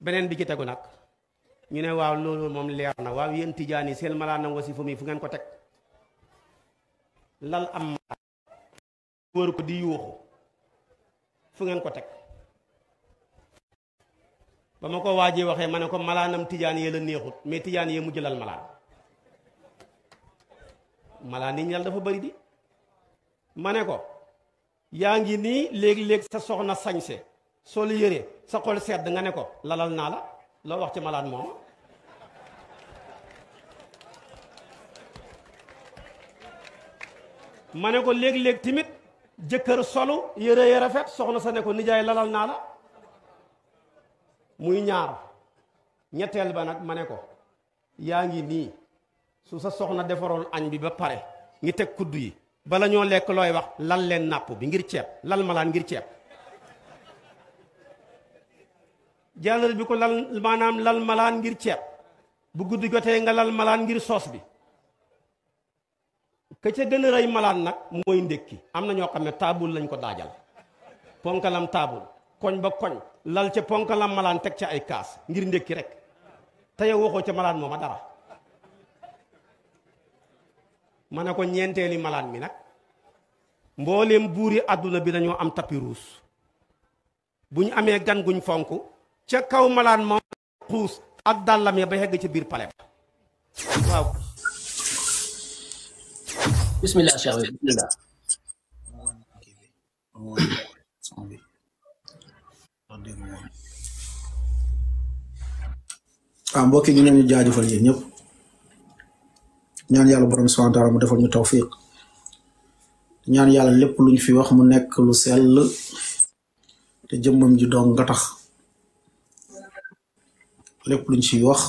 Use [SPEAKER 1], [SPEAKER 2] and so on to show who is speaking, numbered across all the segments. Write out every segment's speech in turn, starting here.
[SPEAKER 1] beneen bi ci tegu nag ñu ne waaw loolu moom leer na waaw yéen tijaan yi seen malaanam wasifa mi fu ngeen ko teg lal am wër ko di yuuxu fu ngeen ko teg ba ma ko waajee waxee ma ne ko malaanam tijaan yee la neexut mais tijaan yee mu jëlal malaan malaan yi ñu lal dafa bari di ma ne ko yaa ngi nii léegi-léeg sa soxna sañse soo la yëree sa xol sedd nga ne ko lalal naa la loo wax ci malaan mooma ma ne ko léeg-léeg tamit jëkkër solu yëre ya rafet soxna sa ne ko nijaay lalal naa la muy ñaar ñetteel ba nag ma ne ko yaa ngi nii su sa soxna defaroon añ bi ba pare ngi teg kuddu yi bala ñoo lekk looy wax lal leen nàpp bi ngir ceeb lal malaan ngir ceeb jàllal bi ko lal maanaam lal malaan ngir ceeb bu guddi jotee nga lal malaan ngir soos bi ka ca gën ay malaan nag mooy ndékki am na ñoo xam ne taabul lañ ko daajal ponkalam taabul koñ ba koñ lal ca ponkalam malaan teg ca ay kaas ngir ndékki rek te yow waxoo ca malaan mooma dara ma ne ko ñeenteeli malaan mi nag mbooleem buuri àdduna bi nañoo am tapis rouge bu ñu amee gan guñ fonk ca kaw malaan mo pous ak dalam ya ba yegg ci bir pale waaw bismillah cheikh Aku bismillah
[SPEAKER 2] ah mbokk ñu ñu ñaan borom subhanahu wa ta'ala mu defal lu sel, te jëmmam ji lépp luñ ci wax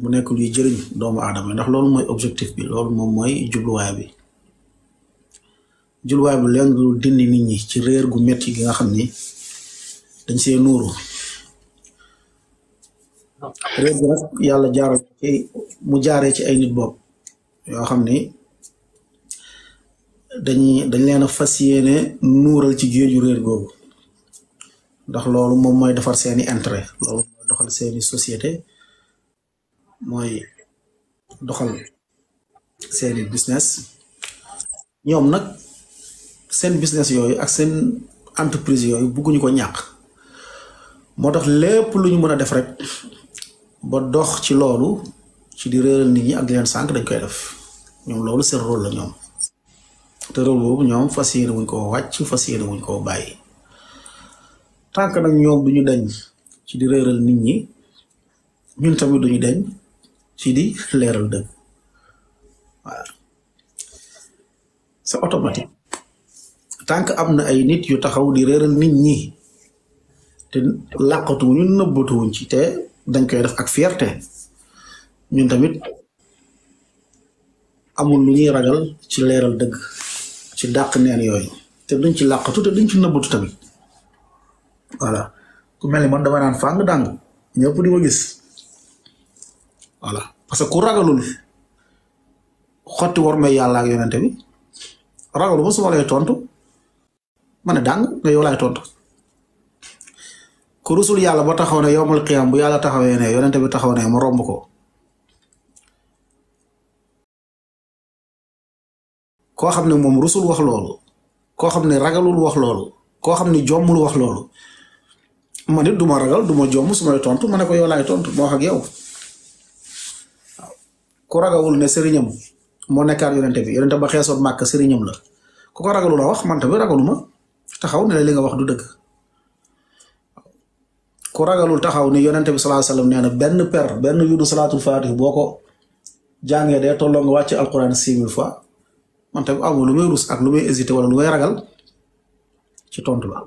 [SPEAKER 2] mu nekk luy jëriñ doomu aadama ndax loolu mooy objectif bi loolu moom mooy jubluwaay bi jubluwaay bi leen lu dindi nit ñi ci réer gu metti gi nga xam ni dañ see nuuru réer yàlla jaaral mu jaaree ci ay nit bopp yoo xam ni dañuy dañ leen a fas yéene nuural ci géeju réer googu ndax loolu moom mooy defar seeni intérêt doxal seeni société mooy doxal seeni business ñoom nag seen business yooyu ak seen entreprise yooyu bugguñu ko ñàkk moo tax lépp lu ñu mën a def rek ba dox ci loolu ci di réeral nit ñi ak di leen sànq dañ koy def ñoom loolu seen rôle la ñoom te rôle boobu ñoom fas yéene wuñ koo wàcc fas yéene wuñ koo bàyyi tànk nag ñoom duñu dañ ci di réeral nit ñi ñun tamit duñu deñ ci di leeral dëgg waaw c'est automatique tant am na ay nit yu taxaw di réeral nit ñi te làqatuwuñu nëbbatuwuñ ci te dañ koy def ak fierté ñun tamit amul lu ñuy ragal ci leeral dëgg ci dàq neen yooy te duñ ci làqatu te duñ ci nëbbatu tamit voilà ku mel ni man dama naan fàng dàng ñëpp di ko gis wala parce que ku ragalul xotti war may yàlla ak yonente bi ragalu ma su tontu ma ne dàng nga yow laay tontu ku rusul yàlla ba taxaw ne yowmal qiyaam bu yàlla taxawee ne yonente bi taxaw ne mu romb ko koo xam ne moom rusul wax loolu koo xam ne ragalul wax loolu koo xam ne jommul wax loolu ma nit du ma ragal du ma jomm su may tontu ma ne ko yow laay tontu ma wax ak yow waaw ku ragawul ne sëriñam moo nekkaat yonente bi yonente ba xeesoon màkk sëriñam la ku ko ragalu la wax man tamit ragaluma taxaw ne li nga wax du dëgg ku ragalul taxaw ni yonente bi salaa nee na benn per benn yudu salaatul fatih boo ko jàngee day tolloo nga wàcc alquran six fois man tamit lu may rus ak lu may hésité wala lu may ragal ci tontu la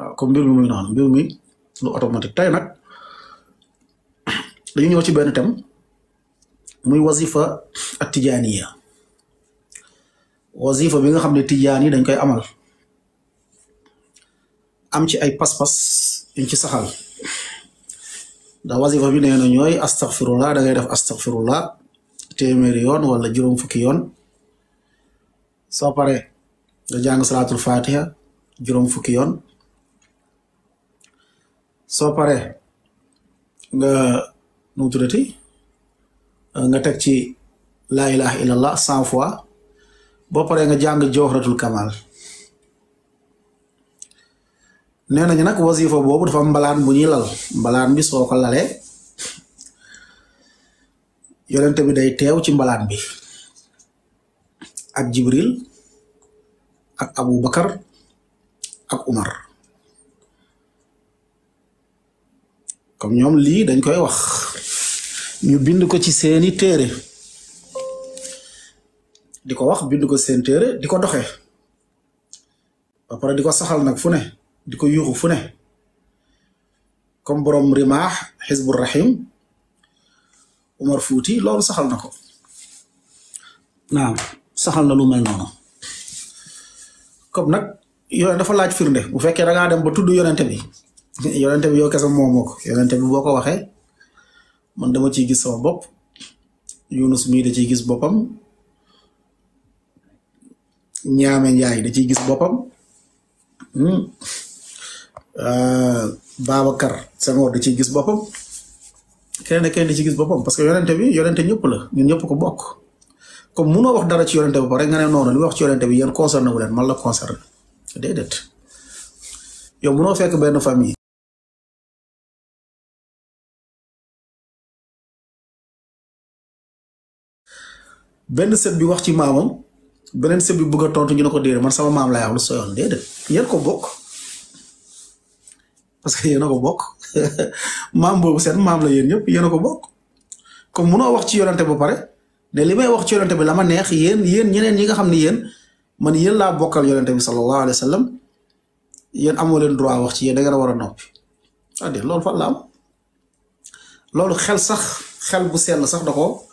[SPEAKER 2] waaw comme mbir mi muy noonu mbir mi lu automatique tey nag dañu ñëw ci benn thème muy wasifa ak tijaaniya wazifa bi nga xam ne tijaan yi dañ koy amal am ci ay pas-pas yuñ ci saxal ndax wazifa bi nee na ñooy astaghfirullah da ngay def astaghfirullah téeméeri yoon wala juróom fukki yoon soo pare nga jàng salaatul fatiha juróom fukki yoon sopare pare nga nu tudati eh, nga tek ci la ilaha illallah 100 fois bo pare nga jang johratul kamal nee ñu nak wazifa bobu dafa mbalan bu ñi lal mbalan bi soko lalé lalee bi day tew ci mbalan bi ak jibril ak bakar ak umar comme ñoom lii dañ koy wax ñu bind ko ci seeni téere di ko wax bind ko seen téere di ko doxee pare di ko saxal nag fu ne di ko yuuxu fune ne comme borom rimaax xisbu rahim Umar Fuuti loolu saxal na ko naam saxal na lu mel kom nag yone dafa laaj firnde bu fekkee da a dem ba tudd yonente bi yonente bi yow kese moomoo ko yonente bi boo ko waxee man dama ciy gis sama bopp Yunus mii da ciy gis boppam ñaame njaay da ciy gis boppam hmm. euh, Babacar Senghor da ciy gis boppam keneen ak keneen da ciy gis boppam parce que bi yonente ñëpp la ñun ñëpp ko bokk comme munoo wax dara ci yonente bi ba pare nga
[SPEAKER 1] ne wax ci bi yéen concerné wu leen man la concerné déedéet yow munoo fekk benn famille benn set bi wax ci maamam
[SPEAKER 2] beneen sët bi bëgg a tontu ñu ne ko déedéet man sama maam laa wax lu sooyoon déedéet yéen ko bokk parce que yéen a ko bokk maam boobu seen maam la yéen ñëpp yéen ko bokk comme munoo wax ci yonante bu pare ne li may wax ci yonante bi la ma neex yéen yéen ñeneen ñi nga xam ne yéen man yéen laa bokkal yonante bi sallallahu alayhi wa sallam yéen amoo leen droit wax ci yéen da ngeen a war a noppi c'est-à-dire ah, loolu fan xel sax xel bu sell sax da ko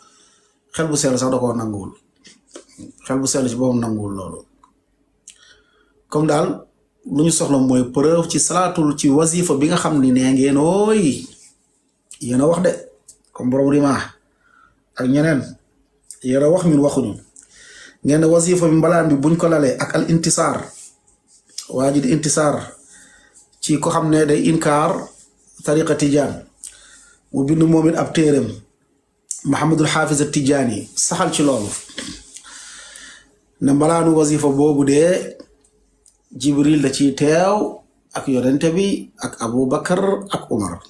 [SPEAKER 2] xel bu sel sax da ko nangul xel bu sel ci boppam nangul lolu comme dal luñu soxla moy preuve ci salatul ci wazifa bi nga xamni ne nee ngeen oy yena wax de comme borom rima ak ñeneen yera wax min waxuñu ngeen wazifa bi mbalam bi buñ ko lalé ak al intisar wajid intisar ci ko xamne day inkaar tariqati jan mu bindu momit ab terem Mahamadul Xaafis Tijaani saxal ci loolu ne mbalaanu wasifa boobu dee Jibril da ciy teew ak yonente bi ak Aboubacar ak Umar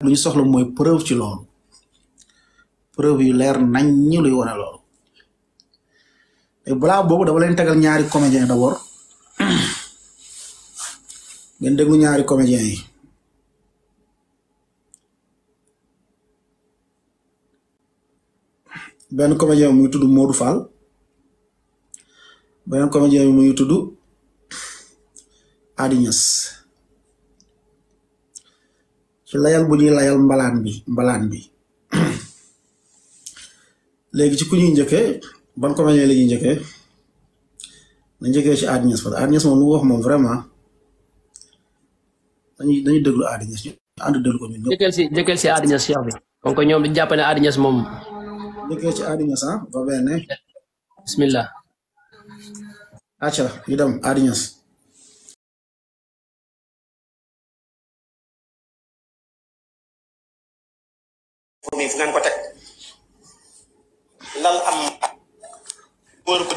[SPEAKER 2] lu ñu soxla mooy preuve ci loolu preuve yu leer nañ ñu luy wone loolu te balaa boobu dama leen tegal ñaari comédien d'abord ngeen déglu ñaari comédien yi benn comédien muy tudd Modou Fall beneen comédien bi muy tudd Adi Niass ci layal bu ñuy layal mbalaan bi mbalaan bi léegi ci ku ñuy njëkkee ban comédien la ñuy njëkkee na njëkkee ci Adi Niass parce que Adi Niass moom lu wax moom vraiment dañuy dañuy déglu Adi Niass ñu ànd déglu ko ñun ñëpp.
[SPEAKER 1] njëkkal si njëkkal si Adi Niass cheikh bi kon ko ñoom dañu jàpp ne Adi Niass moom. ሊቄች አድኛሳ በበያነ ብስሚላ አቻ ይደም አድኛስ fu ngeen ko lal am góor ko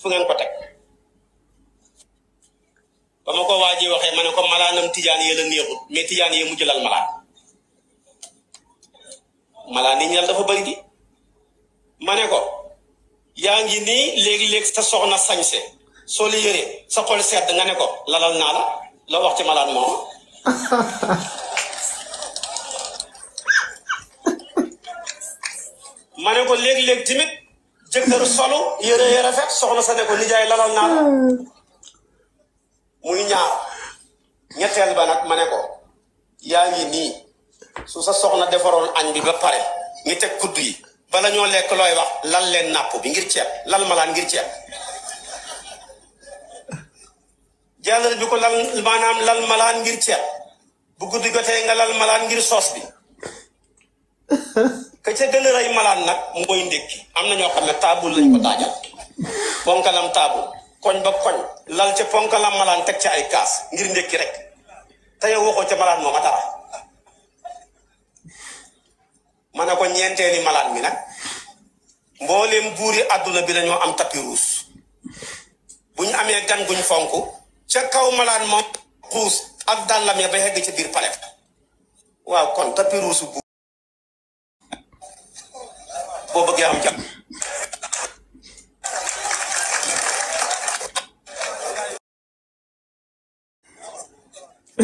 [SPEAKER 1] fu ngeen ko teg ko waajee waxee ma ne ko malaanam tijaan yee la neexut mais tijaan yee lal malaan malaani ñal dafa bari di ma ne ko yaa ngi nii léegi-léeg sa soxna sañse se li yëree sa xol sedd nga ne ko lalal naa la la wax ci malaan moom ma ne ko léegi-léeg tamit jëkkër solu yére yi rafet soxna sa nekko ko nijaay lalal naa la muy ñaar ñetteel ba nag ma ne ko yaa ngi nii su sa soxna defaron añ bi ba pare ngi tek kuddu yi bala ñoo lek loy wax lal leen nap bi ngir ceeb lal malan ngir ciat jallal bi ko lal maanaam lal malaan ngir ciat bu guddi jotee nga lal malaan ngir sos bi ke ca gën ray malan nak moy ndekki amna ñoo lañ ko dajal ponkalam table koñ ba koñ lal ci ponkalam malan tek ci ay kaas ngir ndekki rek te waxo ci malan dara ma ne ko ñeenteeni malaat mi nag mbooleem buuri àdduna bi dañoo am tapis rouge bu amee gan guñ fonk ca kaw malaat moom xuus ak dàllam ya ba xegg ci biir palais waaw kon tapis rouge bu boo bëggee am jàmm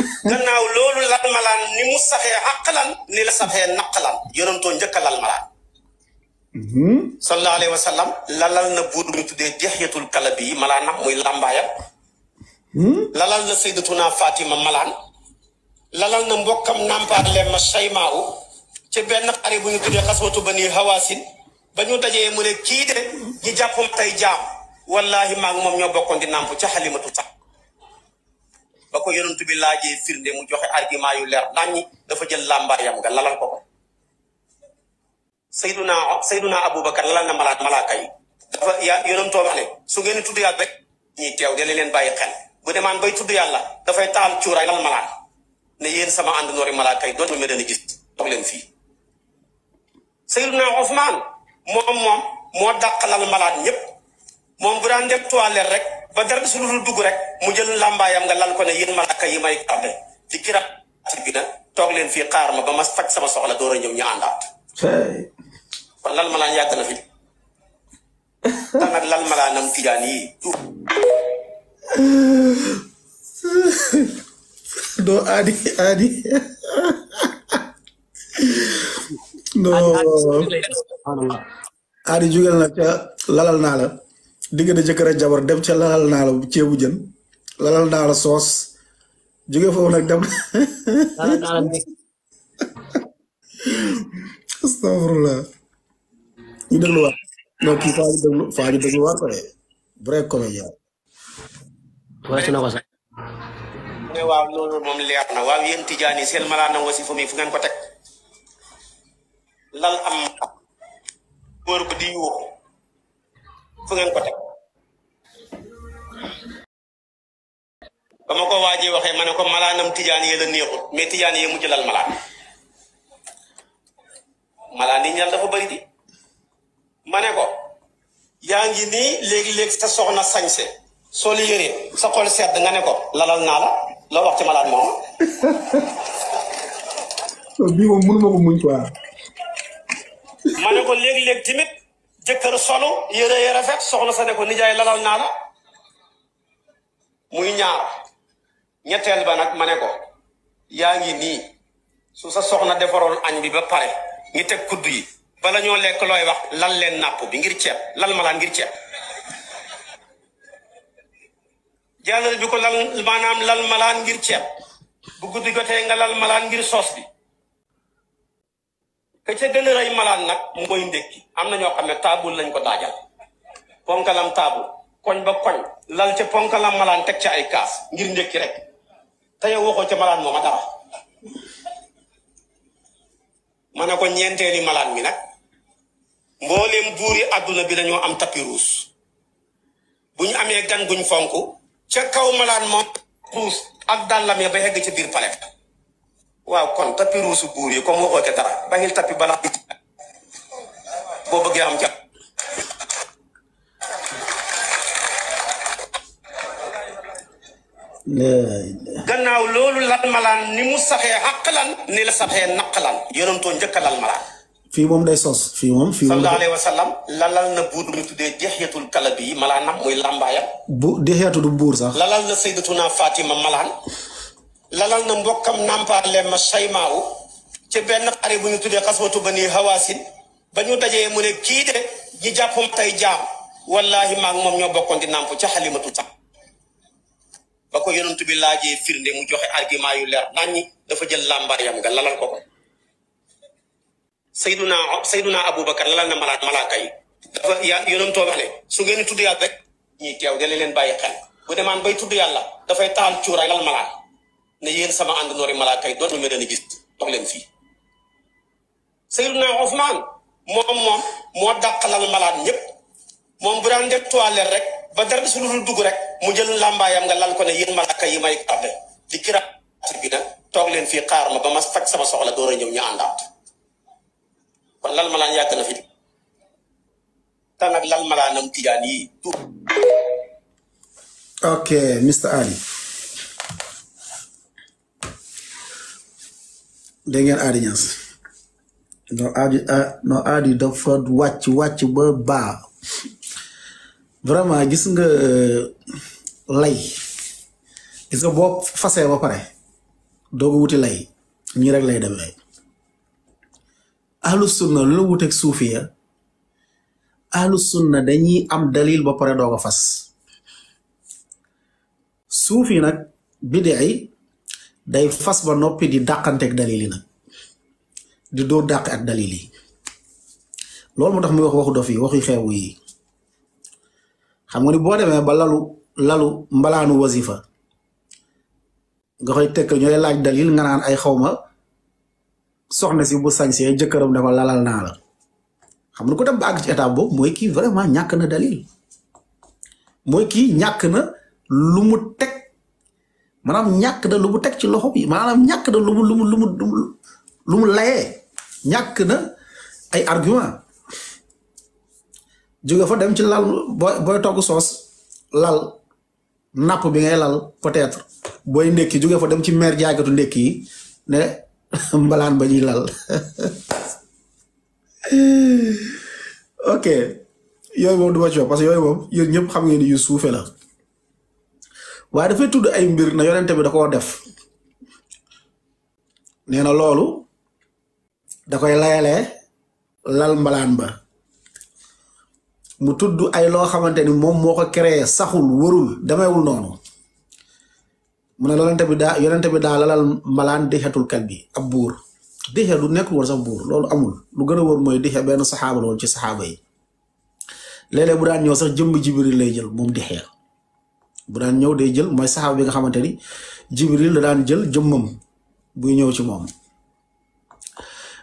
[SPEAKER 1] gannaaw loolu lal malaan ni mu saxee xaqalan ni la saxee naqalan yonentoo njëkk a lal malaan mm-hmm. sallallahu alayhi lalal na buur bi ñu tuddee dexyatul kalabi yi malaanam muy làmbaayam mm-hmm. lalal na sayyidatuna Fatima malaan lalal na mbokkam nàmpaale ma Saymaaw ci benn xare bu ñu tuddee xaswatu ba nii hawaasin ba ñu dajee mu ne kii ñi jàppam tey jaam wallaahi maa moom ñoo bokkoon di nàmp ci xalimatu sax bako yonentou bi laaje firnde mu joxe argument yu leer dañi dafa jël làmbaayam nga lalal ko ko sayyiduna sayduna abubakar lalal na malaat malaaka yi dafa ya yonentoo wax ne su ngeen tuddu yalla rek ñi tew de leen baye xel bu demaan bay yalla da fay taal cuuraay lal malaat ne yeen sama and noori malaaka yi do ñu meena gis tok leen fi sayyiduna Ousmane mom mom mo dàq lal malaat ñep mom bu daan dem toilette rek ba dara su dul dugg rek mu jël lambayam nga lal ko ne yéen malaka yi may garde ci kira bi na tok leen fi xaar ma ba ma fak sama soxla do ra ñew ñu andat fa lal malaan yàgg na fi tanag lal malaanam tijaan yi
[SPEAKER 2] do adi, adi no adi jugal na ca lalal na la diggante jëkkër ak jabar dem ca lalal naa la ceebu jën lalal naa la soos jóge foofu nag dem. astafurlah. ñu dégluwaat donc kii faa ñu déglu faa ñu dégluwaat ko de vrai comédien.
[SPEAKER 1] ko sax. waaw loolu moom leer waaw yéen tijaan yi seen malaana wasifa mi fu ngeen ko teg lal am góor bu di yuuxu ngeen ko teg bama ko waji waxe ma ne ko malaanam tijaan yee la neexut mais tijaan yee mu jëlal malaan malaan yi ñal dafa bari di ma ne ko yaa ngi nii léegi sa soxna sañse so li yere sa xol sedd nga ne ko lalal na la lo wax ci malan mom
[SPEAKER 2] so bi mo mënu mako muñ quoi
[SPEAKER 1] ma ne ko léegi-léegi tamit jëkkër solo yere yere rafet soxna sa ne ko nijaay lalal na la muy ñaar ñettel ba ya, nak mané ko yaangi ni su sa soxna añ bi ba pare ñi tek kuddu yi ba lañu lek loy wax lal leen nap bi ngir lal malaan ngir ciet jàllal bi ko lal manam lal malaan ngir ciet bu guddi goté nga lal malaan ngir sos bi ke ci gën ray malan nak moy ndekki amna ño xamné tabul lañ ko dajal ponkalam tabul koñ ba koñ lal ci ponkalam malan tek ci ay kaas ngir ndekki rek te yow waxoo ca malaan mooma dara ma ne ko ñeenteeli malaan mi nag mbooleem buuri àdduna bi dañoo am tapis rouge bu amee gan buñ fonk ca kaw malaan moom ruus ak dàllamee ba egg ca biir palet waaw kon tapi rouge buur yi comme waxoo ca dara baxil tapis balaa boo bëggee am jàpp
[SPEAKER 2] gannaaw
[SPEAKER 1] loolu lal malaan ni mu saxee xaqalan ni la saxee naqalan yonantoo njëkk a lal malaan
[SPEAKER 2] fii moom day sos fii
[SPEAKER 1] moom fii moom sallallahu alayhi wa sallam lalal na buur bi ñu tuddee dexyatul kalabi yi malaanam muy làmbaayam
[SPEAKER 2] bu dexyatu du buur sax
[SPEAKER 1] lalal na sayyidatuna Fatima malaan lalal na mbokkam nàmpaale ma saymaawu ci benn xare bu ñu tuddee xaswatu ba nii hawaasin ba ñu dajee mu ne kii de ñi jàpp ma tey jaam wallaahi maag moom ñoo bokkoon di ci ca xalimatu sax bako yonentou bi laaje firnde mu joxe argument yu leer nani dafa jël làmbaayam nga lalal ko ko sayyiduna sayyiduna abubakar lalal na malaat malaaka yi dafa ya yonentoo wax ne su ngeen tuddu yàlla rek ñi tew de leen baye xel bu demaan bay tuddu yalla da fay taal cuuraay lal malaat ne yeen sama and noori malaaka yi do ma leen gis tok leen fi sayyiduna sayduna mom mom mo moo lal malaat ñep mom bu daan def toilette rek ba dar bi sunu dugg rek mu jël làmbaayam nga lal ko ne yéen malaka yi may kabe di kiraat bi nag tok len fi xaar ma ba ma fak sama soxla door a ñëw ñu andat kon lal malaan yàgg na fi tan ak lal malaanam tidian yi
[SPEAKER 2] ok Mr Ali de ngeen aadi no adi no do fod watch watch ba ba vraiment gis nga euh, lay gis nga boo fasee ba pare doog a wuti lay ñii rek lay demee ahlu sunna lu la wuteeg suufiya ahlu sunna dañuy am dalil ba pare doog a fas suufi nag bi ay day fas ba noppi di dàqanteeg dalil nag di doo dàq ak dalil yi loolu moo tax muy wax waxu dof yi waxu xeewu yi xam nga ni boo demee ba lalu lalu mbalaanu wasifa nga koy tekk ñooy laaj dalil nga ay xawma soxna si bu sañsee jëkkëram ne lalal naa la xam nga ko dem ba ci étape boobu mooy kii vraiment ñàkk na dalil mooy kii ñàkk na lu mu teg maanaam ñàkk na lu mu teg ci loxo bi maanaam ñàkk na lu mu lu mu lu lu mu layee ñàkk na ay argument jóge fa dem ci lal booy booy togg soos lal napp bi ngay lal peut-être booy ndékki jóge fa dem ci meer jaaykatu ndékki ne mbalaan ba ñuy lal ok yooyu moom du ma ci wax parce que yooyu moom ñëpp xam ngeen yu suufee la waaye dafay tudd ay mbir na yonente bi da koo def nee na loolu da koy layalee lal mbalaan ba mu tudd ay loo xamante ni moom moo ko créé saxul warul demeewul noonu mu ne yonente bi daa yonente bi daa lalal mbalaan dixetul kal bi ab buur dixe du nekk woon sax buur loolu amul lu gën a wóor mooy dixe benn saxaaba la ci saxaaba yi léeg bu daan ñëw sax jëmm jibril lay jël moom dixee bu daan ñëw day jël mooy saxaaba bi nga xamante ni jibril da daan jël jëmmam buy ñëw ci moom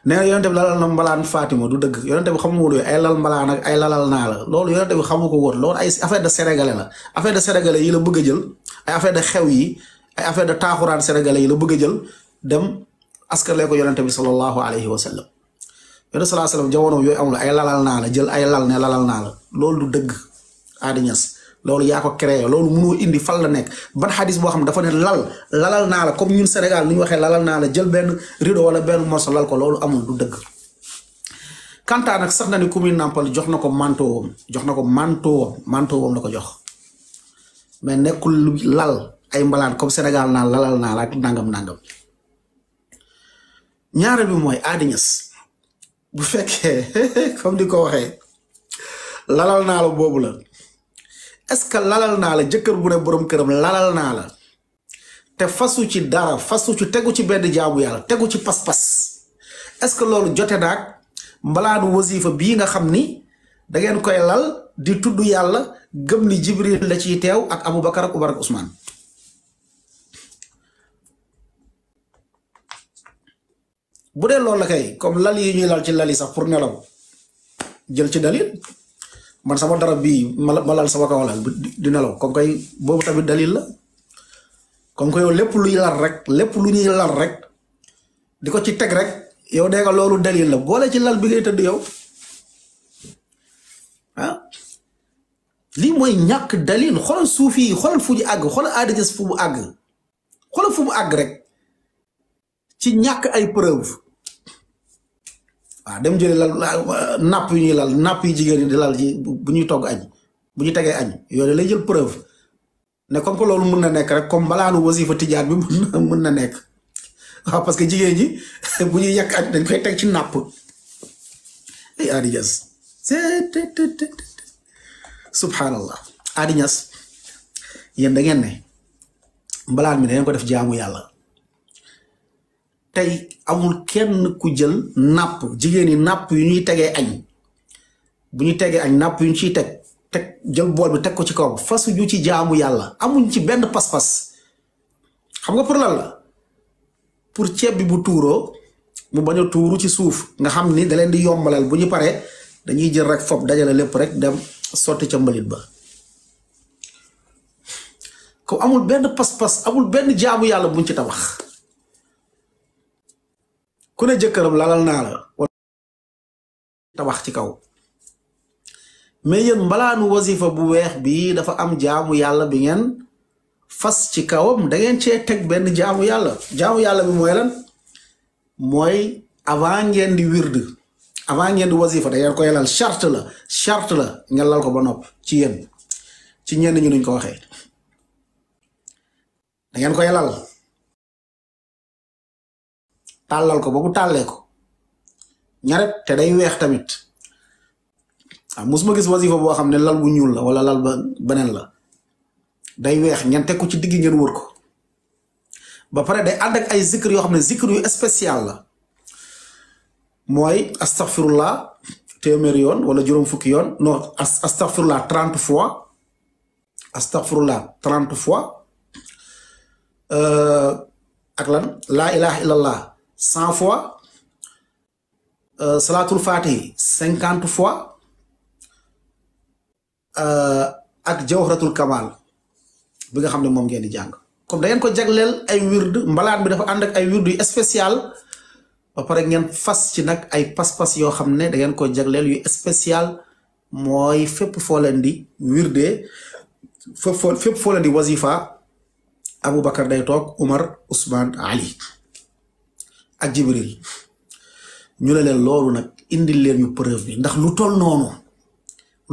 [SPEAKER 2] nee na yonente bi lalal na mbalaan Fatima du dëgg yonente bi xamu woon ay lal mbalaan ay lalal naa la loolu yonente bi xamu ko woon loolu ay affaire de sénégalais la affaire de sénégalais yi la bëgg jël ay affaire de xew yi ay affaire de taaxuraan sénégalais yi la bëgg a jël dem askanlee ko yonente bi sallallahu alayhi wa sallam yonente salaa sallam jamono yooyu amul ay lalal naa la jël ay lal ne lalal naa la loolu du dëgg aadi ñas loolu yaa ko créé loolu mënoo indi fan la nekk ban xadis boo xam ne dafa ne lal lalal naa la comme ñun Sénégal lu ñu waxee lalal naa la jël benn rido wala benn morso lal ko loolu amul du dëgg Kanta na ni ku muy jox na ko mantoowam jox na ko mantoowam mantoowam la ko jox mais nekkul lu lal ay mbalaan comme Sénégal naa lalal naa la ak nangam nangam ñaareel bi mooy Adi Niass bu fekkee comme di ko waxee lalal naa la boobu la. est lalal naa la jëkkër ne borom këram lalal naa la te fasu ci dara fasu ci teggu ci bedd jaamu yalla teggu ci pas-pas est-ce que loolu jote naag mbalaanu wasifa nga xamni da ngeen koy lal di tuddu yalla gem ni jibril la ci tew ak abubakar ak umar ak usmaan bu dee loolu la kay comme lal yi ñuy lal ci lal yi sax pour nelaw jël ci dalil man sama dara bi malal sama kaw la di nelaw comme kay bobu tamit dalil la comme ko lepp luy lar rek lepp lu ñuy lar rek diko ci tek rek yow de nga lolu dalil la la ci lal bi ngay teud yow ha li moy ñak dalil xol sufi xol fuji ag xol adis fu mu ag xol fu mu ag rek ci ñak ay preuve waaw dem jëli lal napp yu ñuy lal napp yu jigéen ñi di lal ji bu ñuy togg añ bu ñu tegee añ yooyu lay jël preuve ne comme que loolu mën na nekk rek comme balaanu wasifa tijaat bi mun na mun na nekk waaw parce que jigéen ñi bu ñuy yàq añ dañ koy teg ci napp ay Adi Niass subhanallah Adi yéen da ngeen ne mbalaan mi da ngeen ko def jaamu yàlla tey amul kenn ku jël napp jigéen ñi napp yu ñuy tegee añ bu ñu tegee añ napp yu ñu ciy teg teg jël bool bi teg ko ci kaw fasu ju ci jaamu yàlla amuñ ci benn pas-pas xam nga pour lan pour ceeb bi bu tuuroo mu bañ a tuuru ci suuf nga xam ni da leen di yombalal bu ñu paree dañuy jël rek fob dajale lépp rek dem sotti ca mbalit ba ko amul benn pas-pas amul benn jaamu yàlla buñ ci tabax ku ne jëkkëram lalal naa la wala tabax ci kaw mais yéen mbalaanu wasifa bu weex bii dafa am jaamu yàlla bi ngeen fas ci kawam dangeen cee teg benn jaamu yàlla jaamu yàlla bi mooy lan mooy avant ngeen di wird avant ngeen di wasifa da ngeen koy lal charte la charte la ngeen ko ba nopp ci yéen ci ñenn ñu nuñ ko waxee dangeen ko koy tàllal ko ba mu tàllee ko ñaret te day weex tamit waaw mosuma gis wasifa boo xam ne lal bu ñuul la wala lal ba beneen la day weex ngeen ku ci digg ngeen wër ko ba pare day ànd ak ay zikr yoo xam ne zikr yu spécial la mooy astaghfirullah téeméer yoon wala juróom fukki yoon non astaghfirullah trente fois astaghfirullah trente fois euh, ak lan laa ilaha 100 fois, euh, Salatul Fatih 50 fois, euh, ak Jawhratul Kamal bi nga xamne mom ngeen di jang comme da ngeen ko jaglel ay wird mbalaan bi dafa and ak ay wird yu spécial ba pare ngeen fas ci nak ay pass pass yo xamne da ngeen ko jaglel yu spécial moy fep fo len di wirde fep fo fo len di wazifa Abu Bakar day tok umar usman ali ak Jibril ñu ne leen loolu nag indil leen ñu bi ndax lu tol noonu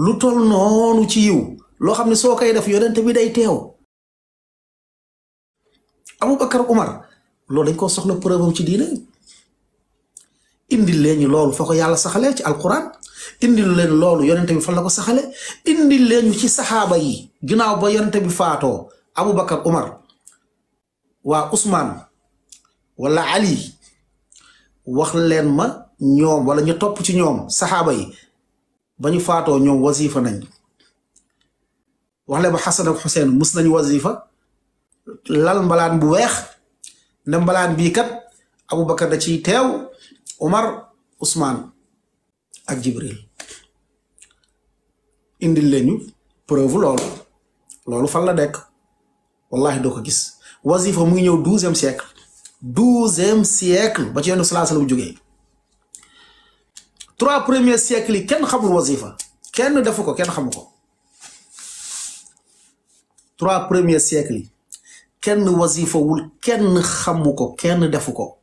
[SPEAKER 2] lu tol noonu ci yiw loo xam ne soo koy def yonent bi day teew Aboubacar Umar loolu dañ koo soxla preuve am ci diine indi leen ñu loolu fa ko yàlla saxalee ci alquran indil leen loolu yonente bi fan la ko saxale indil leen ci saxaaba yi ginnaaw ba yonente faato faatoo Aboubacar Umar waa usmaan wala Ali wax leen ma ñoom wala ñu topp ci ñoom saxaaba yi ba ñu faatoo ñoom wasifa nañ wax leen ba Xasan ak Xuseen mus nañ wasifa lal mbalaan bu weex ne mbalaan bii kat Aboubacar da ciy teew umar usman ak Jibril indil lañu preuve loolu loolu fan la dekk wallahi do ko gis wasifa mu ngi ñëw 12 12e siècle douzième siècle ba ci yonent la salaam jógee trois premiers siècles kenn xamul wasifa kenn defu ko kenn xamu ko trois premiers siècles yi kenn wasifawul kenn xamu ko kenn defu ko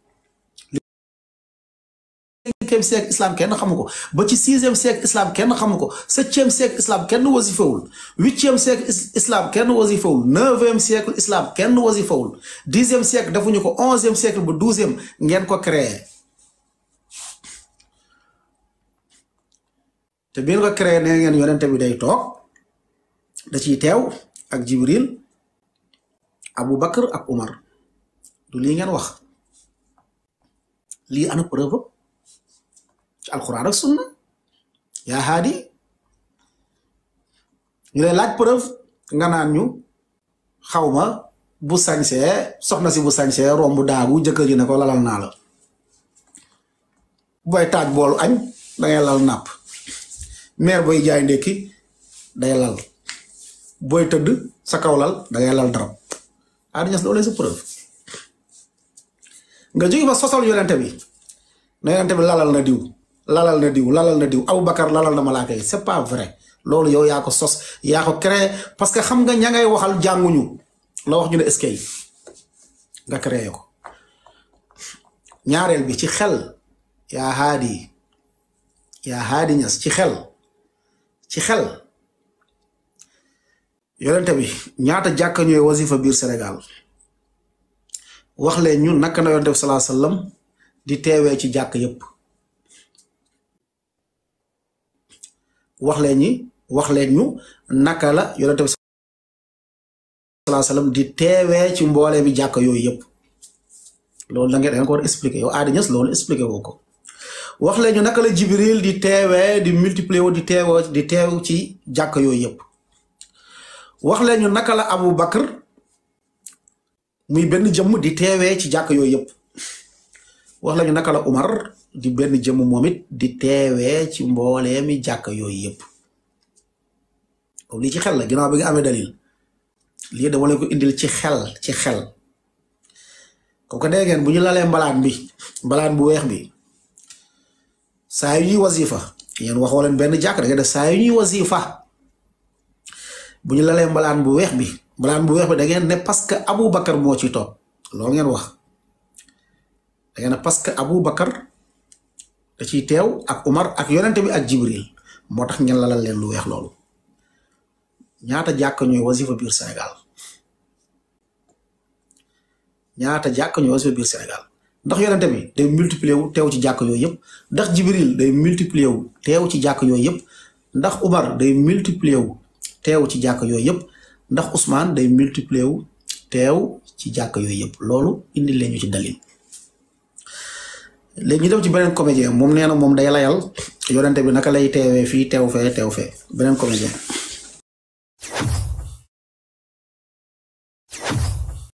[SPEAKER 2] cinquième siècle kenn xamu ko ba ci sixième siècle islam kenn xamu ko septième siècle islam kenn wasifawul huitième siècle islam kenn wasifawul neuvième siècle islam kenn wasifawul dixième siècle defuñu ko onzième siècle ba douzième ngeen ko créé te bi ngeen ko créé nee ngeen yonente bi day toog da ciy teew ak jibril abu bakar ak umar du lii ngeen wax lii ana preuve ci alquran sunna ya hari ñu lay laaj preuve nga naan ñu xawma bu sañsé soxna si bu sañsé rombu daagu jëkkër ji ne ko lalal naa la boy taaj boolu añ da ngay lal napp meer boy jaay ndekki day lal boy tëdd sa kaw lal da ngay lal darab adiñas loolay sa preuve nga jóge fa sosal yonente bi na bi lalal na lalal na diw lalal na diw Aboubacar lalal na malaaka yi c'est pas vrai loolu yow yaa ko sos yaa ko créé parce que xam nga ña ngay waxal jànguñu la wax ñu ne eskay nga créé ñaareel bi ci xel yaa haadi yaa haadi ñas ci xel ci xel yonente bi ñaata jàkka ñooy fa biir Sénégal wax leen ñu naka nayoon yonente bi salaa di teewee ci jàkk yépp wax leen ñi wax leen ñu naka la yonente bi salaa salaam di teewee ci mboolee bi jàkk yooyu yëpp loolu da ngeen da nga ko war expliqué yow loolu expliqué woo ko wax leen ñu la jibril di teewee di multiplier wu di teewoo di teew ci jàkk yooyu yëpp wax leen naka la abou bakar muy benn jëmm di teewee ci jàkk yooyu yëpp naka la umar di ben jëm momit di téwé ci mi jakk yoy yépp comme lii ci xel la ginaaw bi nga amé dalil li da wala ko indil ci xel ci xel ko ko dégen buñu lalé mbalaan bi mbalaan bu wéx bi saa yu wazifa yeen waxo len ben jakk da nga da saa yu wazifa buñu lalé mbalaan bu wéx bi mbalaan bu wéx bi da ngeen né parce que abou bakar mo ci top lo ngeen wax da ngeen parce que abou bakar da ci teew ak Umar ak yonente bi ak Jibril moo tax ngeen lalal leen lu weex loolu ñaata jàkk ñooy wasifa biir Sénégal ñaata jàkk ñooy wasifa biir Sénégal ndax yonente bi day multiplier wu teew ci jàkk yooyu yëpp ndax Jibril day multiplier wu teew ci jàkk yooyu yëpp ndax Umar day multiplier wu teew ci jàkk yooyu yëpp ndax usmaan day multiplier wu teew ci jàkk yooyu yëpp loolu indi leen ñu ci dalil léegi ñu dem ci beneen comédien moom nee na moom day layal yonente bi naka lay teewee
[SPEAKER 1] fii teew fee teew fee beneen comédien